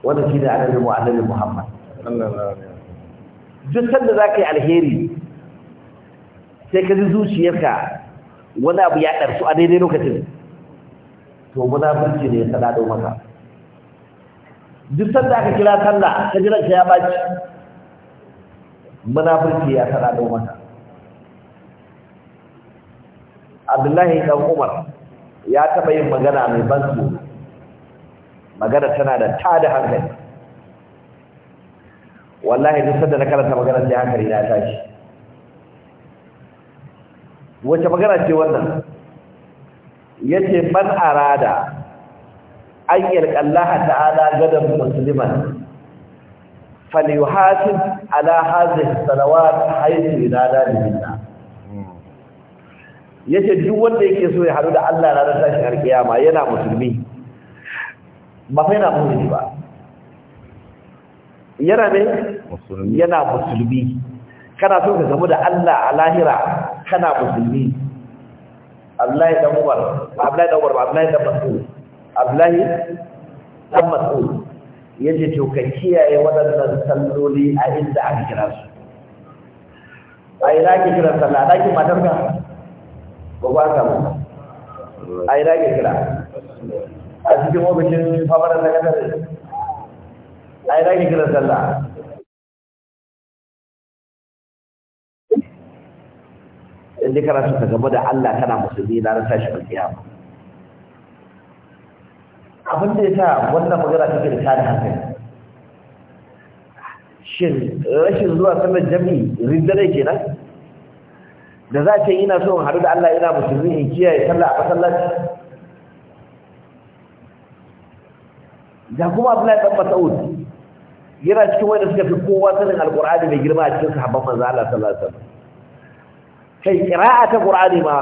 wannan shi ne annabi mu annabi Muhammad duk sanda za ka yi alheri sai ka ji zuciyarka wani abu ya ɗarsu a daidai lokacin to munafurci ne ya sana da maka duk sanda aka kira sallah ka jiran ka ya baci munafurci ya sana da maka Abdullahi dan Umar ya taba yin magana mai ban su magana tana da ta da hankali wallahi duk sanda na karanta magana sai hankali na tashi wace magana ce wannan Ya ce man arada an yalqa Allah gadon musulman. musliman falyuhasib ala hadhihi salawat haythu yunada Ya ce duk wanda yake so ya haɗu da Allah ranar tashin alkiyama yana musulmi ba fa yana musulmi ba yana ne yana musulmi kana so ka gamu da Allah a lahira kana musulmi Abdullahi dan Umar Abdullahi dan Umar Abdullahi dan Mas'ud Abdullahi dan Mas'ud yace to ka kiyaye waɗannan salloli a inda aka kira su a ina kira sallah a ɗakin matarka ba ba ka a ina ake kira a cikin ofishin famarar da a ina ake kira sallah in dai kana so gaba da Allah kana musulmi na shi a alkiyama abin da ya sa wannan magana take da tada hankali shin rashin zuwa sallar jami rindare kenan da za ta yi ina so haɗu da Allah ina musulmi in kiyaye sallah a masallaci da kuma Abdullahi dan Mas'ud yana cikin wanda suka fi kowa sanin Alƙur'ani mai girma a cikin sahabban manzo Allah sallallahu alaihi wasallam kai qira'a ta qur'ani ma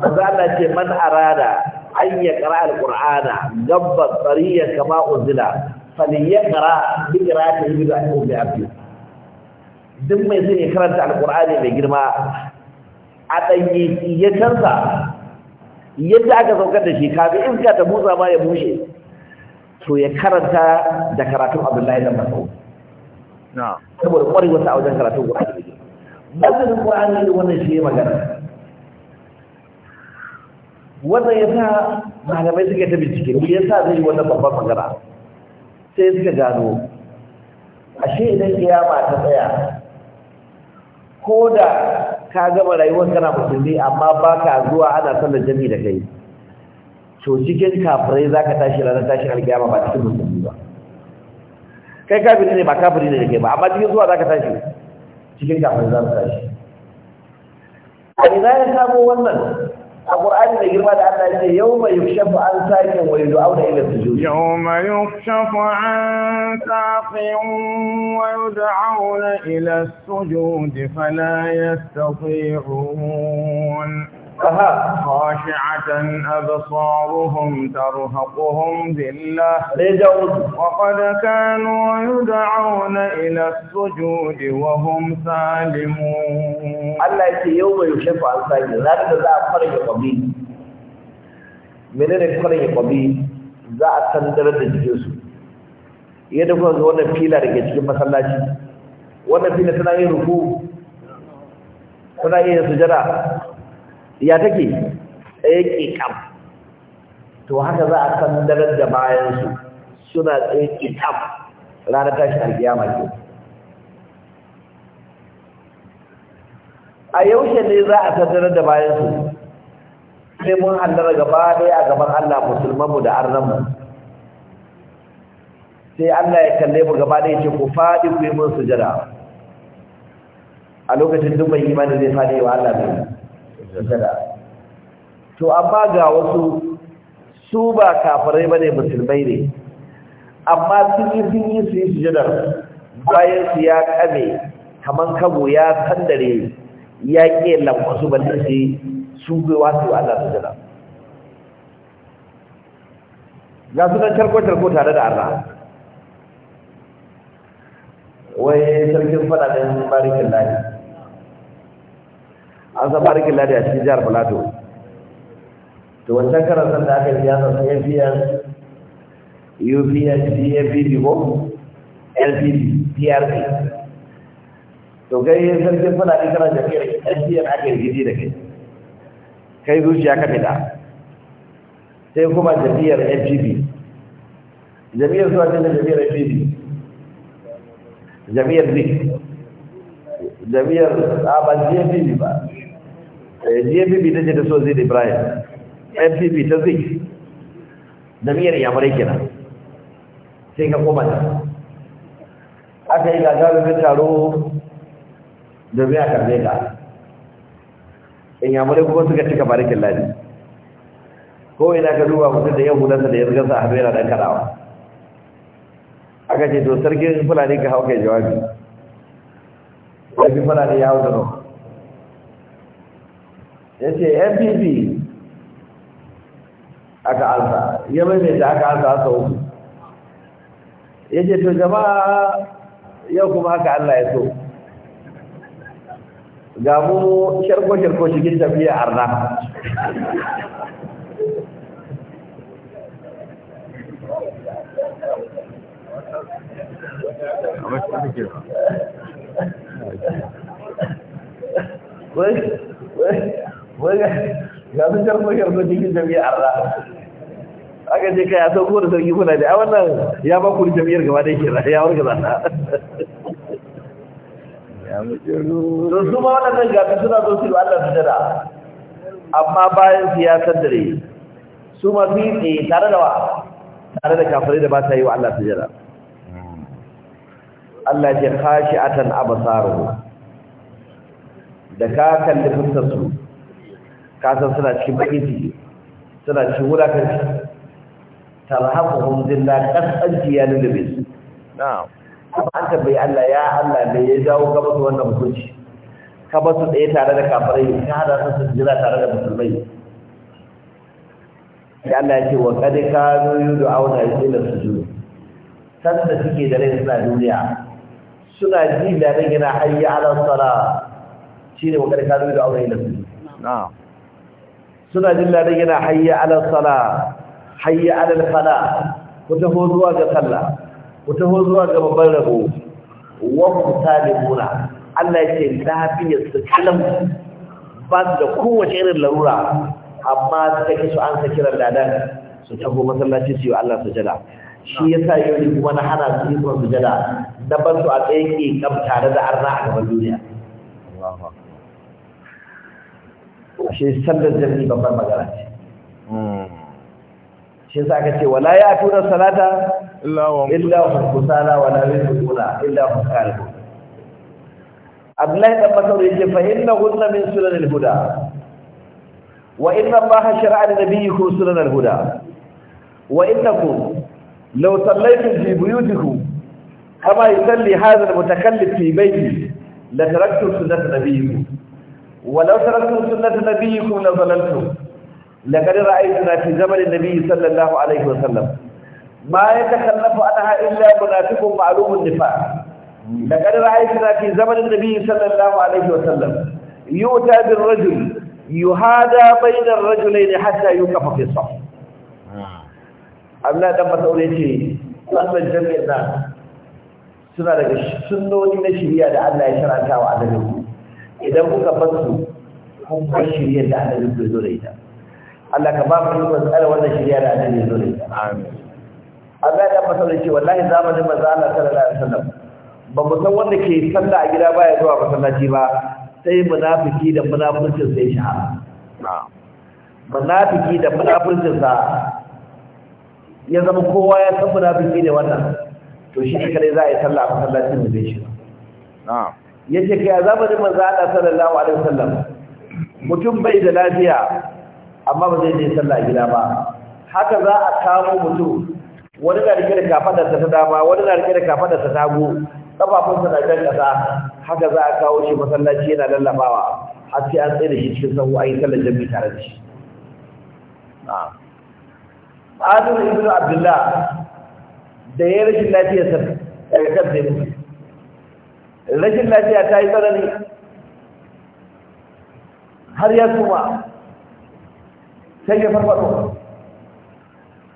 manzo Allah ce man arada an yaqra al-qur'ana gabba sariya kama unzila yi bi qira'ati ibnu abi abi duk mai zai karanta al mai girma a danye ya canza yadda aka saukar da shi kafi iska ta musa ma ya bushe to ya karanta da karatun abdullahi dan mas'ud na saboda kwarewa sa a wajen karatun qur'ani azumin ƙwa'ani da wannan shi ya magana wannan ya sa malamai suka ta bincike ne ya sa zai yi wannan babban magana sai suka gano ashe idan kiyama ta tsaya ko da ka gama rayuwar kana musulmi amma ba ka zuwa ana sallar jami da kai to cikin kafirai za ka tashi ranar tashin alkiyama ba cikin musulmi ba kai kafiri ne ba kafiri ne da kai ba amma cikin zuwa za ka tashi cikin kafin za su tashi a ina ya samo wannan a ƙur'ani mai girma da Allah ce yau mai yukshafu an saƙin wa yuzu auna ila sujud yau mai yukshafu an saƙin wa yuzu auna ila sujud fala yastati'un أها خاشعة أبصارهم ترهقهم ذلة وقد كانوا يدعون إلى السجود وهم سالمون الله يتي يوم يشفع عن ساجد لكن ذا فرج قبيل من الفرج قبيل ذا أتندر الجيوس يدفع زوانا فيلا رجل مسلاتي وانا فيلا تنعي ركوب tana iya sujada ya take tsaye ƙiƙam to haka za a kan darar da bayansu suna tsaye ƙiƙam ranar tashi alkiyama ke a yaushe ne za a tattarar da bayansu sai mun hannara gaba ɗaya a gaban Allah musulmanmu da arnanmu sai Allah ya kalle mu gaba ɗaya ce ku faɗi ku yi mun sujada a lokacin duk mai imanin zai faɗi wa Allah ne to amma ga wasu su ba kafirai bane musulmai ne amma sun yi sun yi su yi sujada bayan su ya kame kaman kabo ya sandare ya ke lankwasu balle sai su yi su Allah sujada ga su nan tarko-tarko tare da Allah wai sarkin faɗaɗin barikin lafiya an san barikin ladi a cikin jihar plateau to wancan karan san da aka yi siyasa sun npn upn dfd ko lpd prp to kai yin sarkin fulani da kai npn aka yi gidi da kai kai zuciya ka fita sai kuma jami'ar fgb jami'ar suwa ce da jami'ar fgb jami'ar zik jami'ar a ban fgb ba GFP eh, ta ce ta so zai da Ibrahim mpp ta zai da miyar yamurai kenan sai ka koma ta aka yi gagarumin taro domin a karbe ka in yamurai kuma suka cika barikin ladi ko ina ka duba mutum da yahudansa da ya a sa hamera don karawa aka ce to sarkin fulani ka hau kai jawabi fi fulani ya hau da nau ya ce aka alsa ya maimaita aka alsa sau uku ya ce to jama'a yau kuma aka allah ya so ga mu shirko-shirko shigin tafiya arna Wait, ga sun karɓo karɓo cikin jami'ar ra aka ce kai a san da sarki kuna da a wannan ya ba ku jami'ar gaba da ke ya warga zata don su ma waɗannan gafi suna zo su yi Allah su jada amma bayan siyasar dare su ma su yi tsaye tare da wa tare da kafirai da ba ta yi wa Allah su jada Allah ce kashi atan abasaru da ka kalli fuskar su kasan suna cikin bakin ciki suna cikin ciki tarhaquhum zilla kasanci ya lullube su kuma an tabbai Allah ya Allah ne ya jawo gaba su wannan hukunci ka ba su ɗaya tare da kafirai ka hada su su jira tare da musulmai Ya Allah ya ce wa qad kanu yud'auna ila sujud san da suke da rai suna duniya suna ji da rai yana hayya ala sala shine wa qad kanu yud'auna ila sujud na'am suna jin ladan yana hayya alal sala hayya alal fala ku taho zuwa ga sallah ku taho zuwa ga babban rabo wa ku mutalimuna Allah yake lafiyar su kalam ba su da kowace irin larura amma suka kisu an sa kiran ladan su taho masallaci su yi Allah sujada shi sa yau kuma na hana su yi su jala, na ban su a tsaye ke kam tare da arna a gaban duniya shi sallar jami'i babbar magana ce hmm. shi sa ka ce wala ya tura salata illa hukusala wala yusuna illa kusala Abdullahi dan Mas'ud yake fa inna hunna min sunan al-huda wa inna Allah shar'a li nabiyyikum sunan al-huda wa innakum law sallaytum fi buyutikum kama yusalli hadha al-mutakallif fi baytihi la sunan sunnat nabiyyikum ولو تركتم سنة نبيكم لظلمتم لقد رأيتنا في زمن النبي صلى الله عليه وسلم ما يتخلف عنها إلا منافق معلوم النفاق لقد رأيتنا في زمن النبي صلى الله عليه وسلم يؤتى بالرجل يهادى بين الرجلين حتى يكف في الصف abla dan masaure ce sallar jami'in nan suna daga sunnoni na shari'a da Allah ya sharanta wa annabi idan kuka fasu kun bar shirya da annabi zai zo da ita Allah ka ba mu ikon tsara wannan shirya da annabi zai zo da ita amin Allah ya fasa da cewa wallahi zamanin manzo Allah sallallahu alaihi wasallam ba mu san wanda ke sallah a gida baya zuwa masallaci ba sai munafiki da munafincin sai shahara munafiki da munafincin sa ya zama kowa ya san munafiki ne wannan to shi kare za a yi sallah a masallacin da zai shi na'am yace kai zamanin manzo Allah sallallahu alaihi wasallam mutum bai da lafiya amma ba zai je sallah gida ba haka za a kawo mutum wani na rike da kafadar ta dama wani na rike da kafadar ta tagu kafafun sa na kan kasa haka za a kawo shi masallaci yana lallabawa har sai an tsaye da shi cikin sahu ayi sallar jami'i tare da shi Adun ibn Abdullah da ya rashin lafiyarsa daga kan sai rashin lafiya ta yi tsanani har ya suma sai ya farfado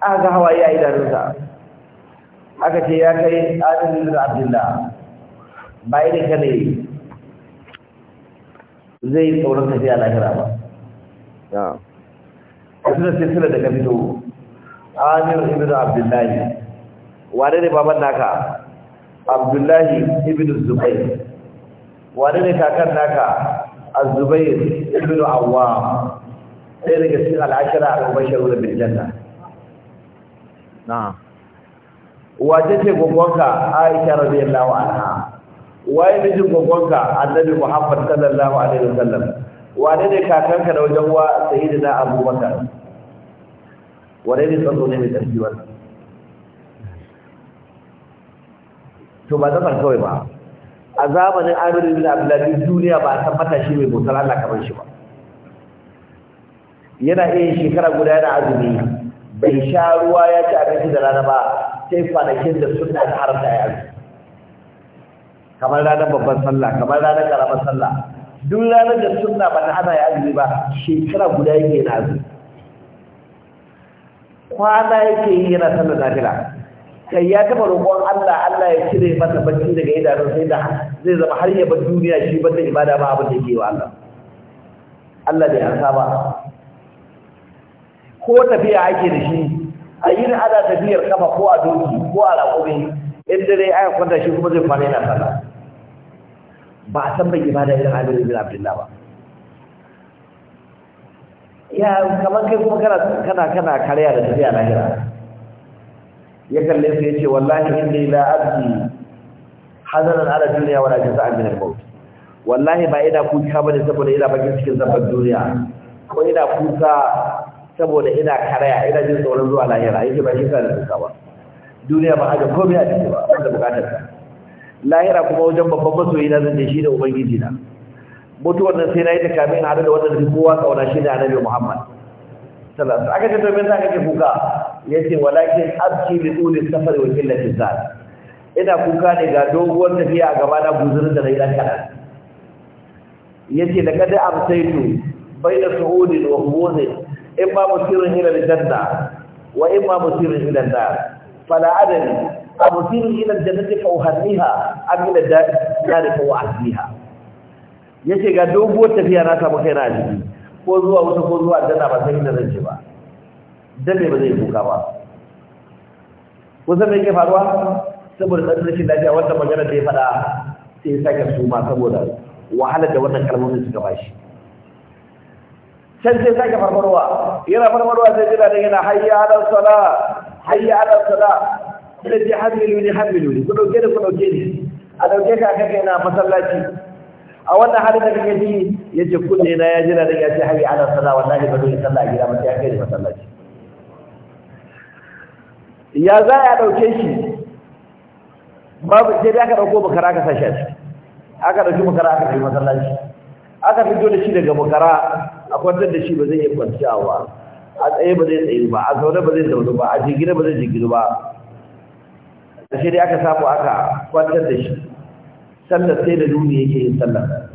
aka ga hawaye a idanunsa aka ce ya kai adalin da ba bai da ka ne zai tsoron tafiya lahira ba su da sisila daga fito amir ibn abdullahi wane ne baban naka abdullahi ibn Zubayr wani ne kakan naka az zubayr ibn awwam sai daga cikin al'ashara a mubashirun bil janna na'am wace ce gogonka aisha radiyallahu anha waye jin gogonka annabi muhammad sallallahu alaihi wasallam wane ne kakanka da wajen wa sayyidina abubakar wane ne sanzo ne mai tarbiyyar to ba zaman kawai ba a zamanin amirin da abdullahi duniya ba a san matashi mai bautar Allah kamar shi ba yana iya shekara guda yana azumi bai sha ruwa ya ci abinci da rana ba sai kwanakin da suna da har da azumi kamar ranar babban sallah kamar ranar karamar sallah duk ranar da suna ba ta hana ya azumi ba shekara guda yake na azumi kwana yake yi yana sallar nafila kai ya taba roƙon Allah Allah ya cire masa bacci daga idanun sai da zai zama har ya bar duniya shi banda ibada ba abin da yake wa Allah Allah da ya saba ko tafiya ake da shi a yin ana tafiyar kafa ko a doki ko a raƙumi in dare aya kwanta shi kuma zai fara yana sallah ba a san bai ibada irin Amir bin Abdullah ba ya kamar kai kuma kana kana kana karya da tafiya na lahira ya kalle ya yace wallahi inni la abdi hazaran ala dunya wala jazaa min al-maut wallahi ba ina kuka bane saboda ina bakin cikin zaban duniya ko ina kuka saboda ina karaya ina jin tsoron zuwa lahira yake ba shi sai da kuka ba duniya ba haka komai a cikin ba wanda bukatar ka lahira kuma wajen babban masoyi na zan shi da ubangiji na mutuwar wannan sai na yi ta kamin hada da wanda da kowa kauna shi da annabi muhammad sallallahu alaihi wasallam aka ce to me za ka ke kuka yace walakin abki li tuli safar wa qillati zat ina kuka ne ga doguwar tafiya a gaba na guzurin da nayi dan kada yace da kada amsaitu baina su'udin wa huwuzin imma musirin ila janna wa imma musirin ila nar fala adani amsiru ila jannati fa uhanniha am ila dar fa u'azziha yace ga doguwar tafiya na ta kai na ji ko zuwa wuta ko zuwa aljanna ba sai na zance ba dan ba zai kuka ba kusan me ke faruwa saboda dan rashin lafiya wannan magana da ya faɗa sai ya sake suma saboda wahalar da wannan kalmomin suka bashi can sai sake farfarwa yana farfarwa sai jira da yana hayya ala sala hayya ala sala da ji hamilu ni hamilu ni ku dauke da ku dauke ni a dauke ka ka kai na masallaci a wannan hali da kake ji yace kunne na ya jira da ya ce hayya ala sala wallahi ba zai sallah gida ba sai ya kai masallaci ya za ya ɗauke shi babu sai aka ɗauko makara aka sashi a ciki aka ɗauki makara aka kai masallaci aka fito da shi daga makara a kwantar da shi ba zai iya kwanciyawa a tsaye ba zai tsaye ba a zaune ba zai zaune ba a jingina ba zai jingina ba sai dai aka samu aka kwantar da shi sallar sai da nuni yake yin sallar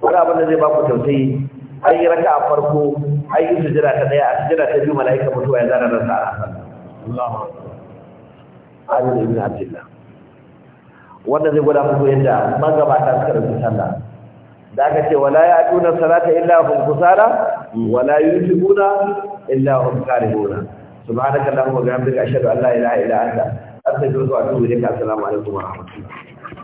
wani abin da zai ba ku tausayi an yi raka a farko an yi sujira ta ɗaya a sujira ta biyu mala'ika mutuwa ya zana rasa a sallar Amir ibn Abdullah wanda zai gwada muku yadda magabata suka rubuta sallah da aka ce wala ya'tuna salata illa hum kusala wala yutibuna illa hum karihuna subhanaka allahumma wa bihamdika ashhadu an la ilaha illa anta astaghfiruka wa atubu ilayk assalamu alaikum wa rahmatullahi